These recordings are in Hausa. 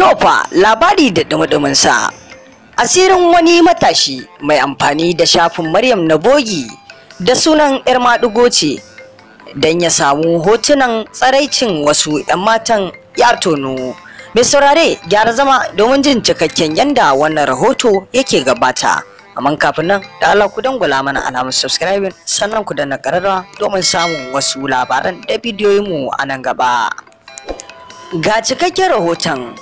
Tofa labari da dumadumin sa. Asirin wani matashi mai amfani da shafin Maryam na Bogi da sunan 'yar maɗigo ce don ya samu hotunan tsaraicin wasu 'yan matan ya tono. Mai saurare gyara zama domin jin cikakken yanda wannan rahoto yake gabata. amma kafin nan da Allah ku dangula mana alamar subscribing sannan ku danna ƙararra domin samun wasu labaran da bidiyoyinmu a nan gaba. Ga cikakken rahoton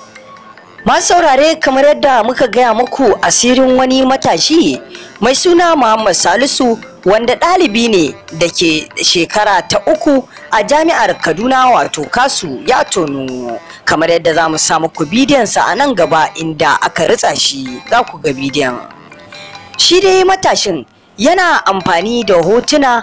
Masu saurare kamar yadda muka gaya muku asirin wani matashi mai suna Muhammad Salisu wanda ɗalibi ne da ke shekara ta uku a jami'ar Kaduna wato Kasu ya tonu kamar yadda za mu samu ku bidiyonsa a nan gaba inda aka ritsa shi za ku ga bidiyon. Shi dai matashin yana amfani da hotuna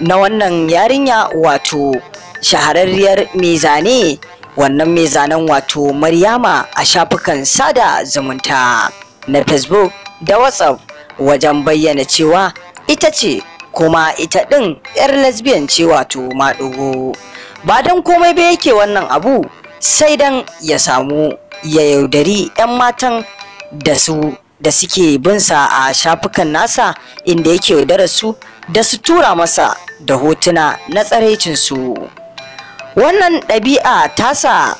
na wannan yarinya wato shahararriyar mai zane wannan mai zanen wato maryama a shafukan sada zumunta na facebook da whatsapp wajen bayyana cewa ita ce kuma ita ɗin 'yar lesbian ce wato maɗugo ba don komai ba yake wannan abu sai don ya samu ya yaudari 'yan matan da su da suke binsa a shafukan nasa inda yake yaudara su da su tura masa da hotuna na tsaraicinsu. su wannan ɗabi'a tasa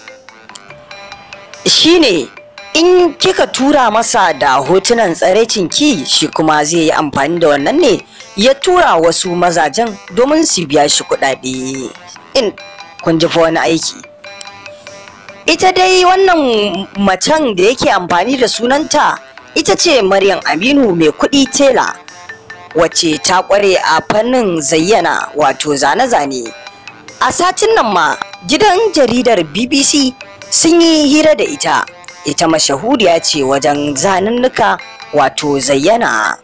shine in kika tura masa da hotunan tsarecin ki shi kuma zai yi amfani da wannan ne ya tura wasu mazajen domin su biya shi kuɗaɗe in kun ji wani aiki ita dai wannan macen da yake amfani da sunanta ita ce maryam aminu mai kuɗi tela wacce ta ƙware a fannin zayyana wato zane-zane a satin nan ma gidan jaridar bbc sun yi hira da ita ita mashahuriya ce wajen zanannuka wato zayyana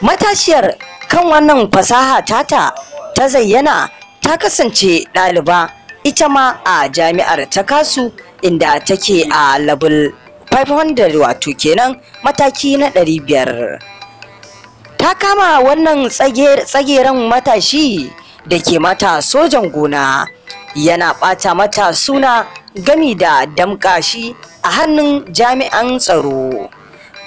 matashiyar kan wannan fasaha tata ta zayyana ta kasance ɗaliba ita ma a jami'ar ta kasu inda take a level 500 wato kenan mataki na 500 ta kama wannan tsageren matashi da ke mata sojan gona yana ɓata mata suna gami da damƙashi a hannun jami'an tsaro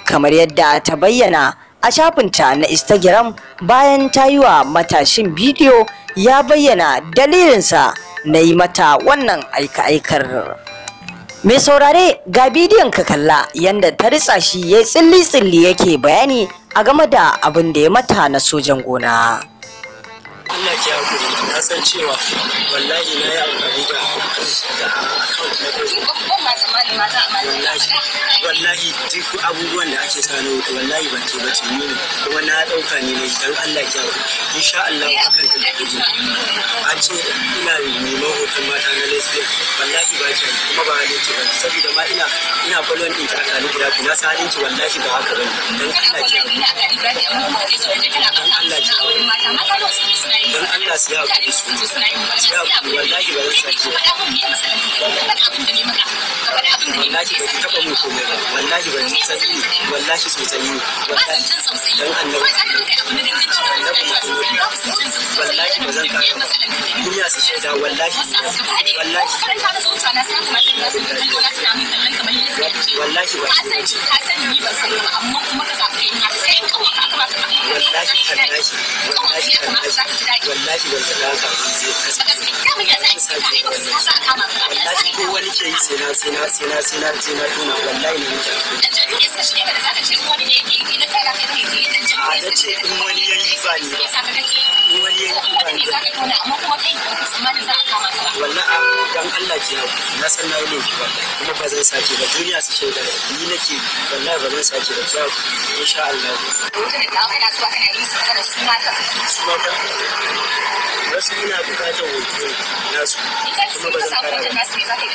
kamar yadda ta bayyana a shafinta na instagram bayan ta yi wa matashin bidiyo ya bayyana dalilinsa na yi mata wannan aika-aikar mai saurare ga bidiyon ka kalla yadda ta ritsa shi ya tsilli-tsilli yake bayani a game da abin da ya mata na sojan gona Allah ki hakuri na san cewa wallahi na yi amfani da da na wallahi duk abubuwan da ake sani wuta wallahi ba ke bace ni kuma na dauka ne dan Allah ki hakuri insha Allah ku kan ta kaji an ce ina neman hoton mata na lesbian wallahi ba ki kuma ba halin ki ba saboda ma ina ina following din ta akalin gida ku na san ki wallahi ba haka bane dan Allah ki hakuri dan Allah ki hakuri su yawa kuɗi su kuma suna wallahi ba zan ne su wallahi tallahi wallahi tallahi wallahi ko wani yi sai na sai a da ce in wani ya yi ba ne ba in wani ya yi ba ne ba sake yau na san na yi laifi ba kuma ba zan sake ba duniya su shaida ni nake wallahi ba zan sake ba kyau insha Allah kana so kana yi su kana su mata su mata wasu ina bukatar wajen nasu kuma ba zan fara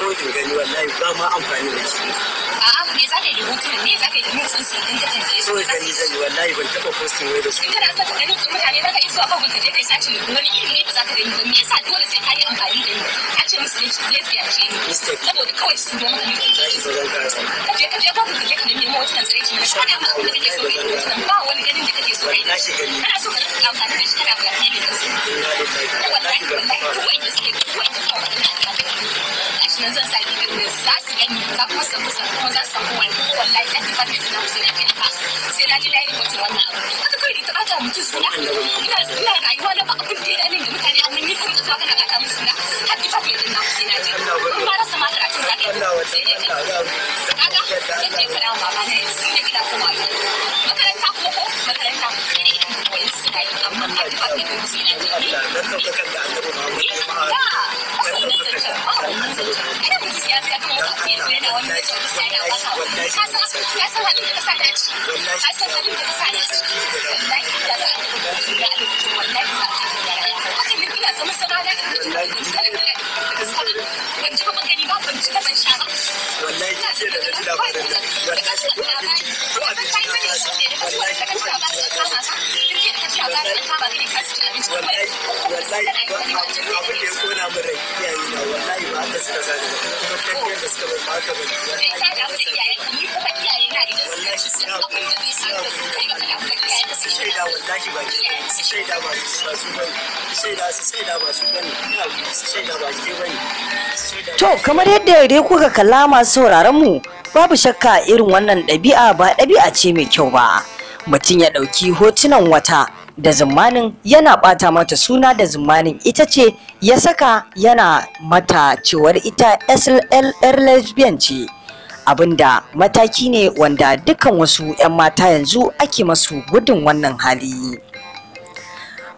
kawai in gani wallahi ba ma amfani da shi a'a me za ka yi mutum me za ka yi mutum sun din da kai so gani zan yi wallahi ban taba posting wai da su kana sa ka gani mutane za ka yi zuwa kawai ka je kai sace wani irin ne ba za ka gani ba me yasa dole sai ka yi amfani da ni a ce musu ne lesbian ce ni saboda kawai su zo maka ne ka je ka je kawai ka je ka nemi wata tanzare ce da ma abin da kake so ka yi ba wani ganin da kake so ka yi kana so ka rinka amfani da shi kana blackmailing da su wallahi wallahi kawai da suke kawai da kawai gashi nan zan sa bidiyo ne za su gani za kuma su musu kuma za su samu wani wallahi dan da fata na musu na kai kasu sai na ji layin wata wannan abu haka kawai da ta bata mutu suna ina ina rayuwa na ba abin da ya dame da mutane amma ni kuma ta kana bata mutu suna har da fata idan na musu na ji in ba rasa mata ratin za ka yi sai dai ka kaga sai dai fara wa baba na yanzu da gida kuma makaranta kuma ko makaranta sai ne idan koyi suna yi amma har da fata na musu na ji da ta musa yana maka ka san ka san halin da ka sa dace ka san halin da ka sa dace wallahi ina za a ga alƙur'ani wallahi za a ga haka ne ina zama sabana in ji da to kamar yadda ya dai kuka kalla masu sauraron mu babu shakka irin wannan ɗabi'a ba ɗabi'a ce mai kyau ba mutum ya ɗauki hotunan wata da zumanin yana ɓata mata suna da zumanin ita ce ya saka yana mata cewar ita SLR lesbian ce abinda mataki ne wanda dukkan wasu 'yan mata yanzu ake masu gudun wannan hali.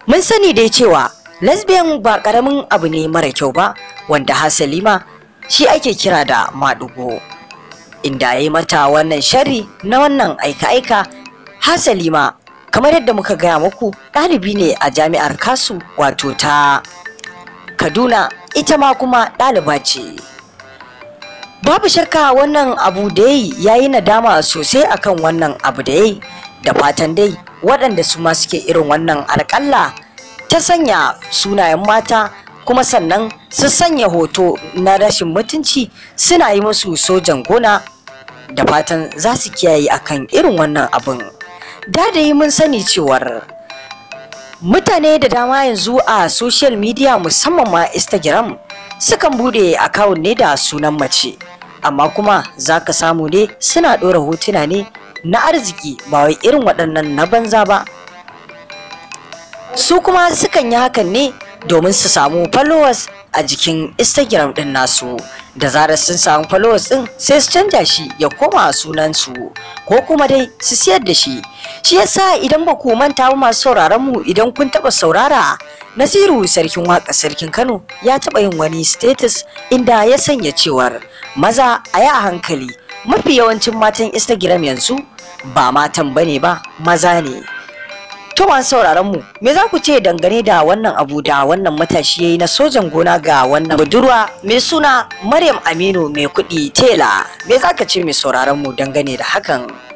mun sani dai cewa lesbian ba karamin abu ne mara kyau ba wanda hasalima salima shi ake kira da maɗugo inda ya yi mata wannan sharri na wannan aika-aika hasalima salima kamar yadda muka gaya muku ɗalibi ne a jami'ar kasu wato ta kaduna ita ma kuma ɗaliba ce babu shakka wannan abu da ya yi nadama sosai akan wannan abu da ya yi da fatan dai waɗanda su ma suke irin wannan alƙalla ta sanya sunayen mata kuma sannan su sanya hoto na rashin mutunci suna yi musu sojan gona da fatan za su kiyaye akan irin wannan abin dadayi mun sani cewar mutane da dama yanzu a social media musamman ma instagram sukan bude akawun ne da sunan mace amma kuma za ka samu ne suna ɗora hotuna ne na arziki ba wai irin waɗannan na banza ba su kuma sukan yi hakan ne domin su samu followers a jikin instagram ɗin nasu da zarar sun samu followers ɗin sai su canja shi ya koma sunansu ko kuma dai su siyar da shi shi yasa idan ba ku manta ba masu sauraron mu idan kun taba saurara nasiru sarkin waka sarkin kano ya taba yin wani status inda ya sanya cewar maza a yi a hankali mafi yawancin matan instagram yanzu ba matan bane ba maza ne to masu sauraron mu me za ku ce dangane da wannan abu da wannan matashi yayi na sojan gona ga wannan budurwa mai suna Maryam Aminu mai kuɗi tela me za ka ce mai sauraron mu dangane da hakan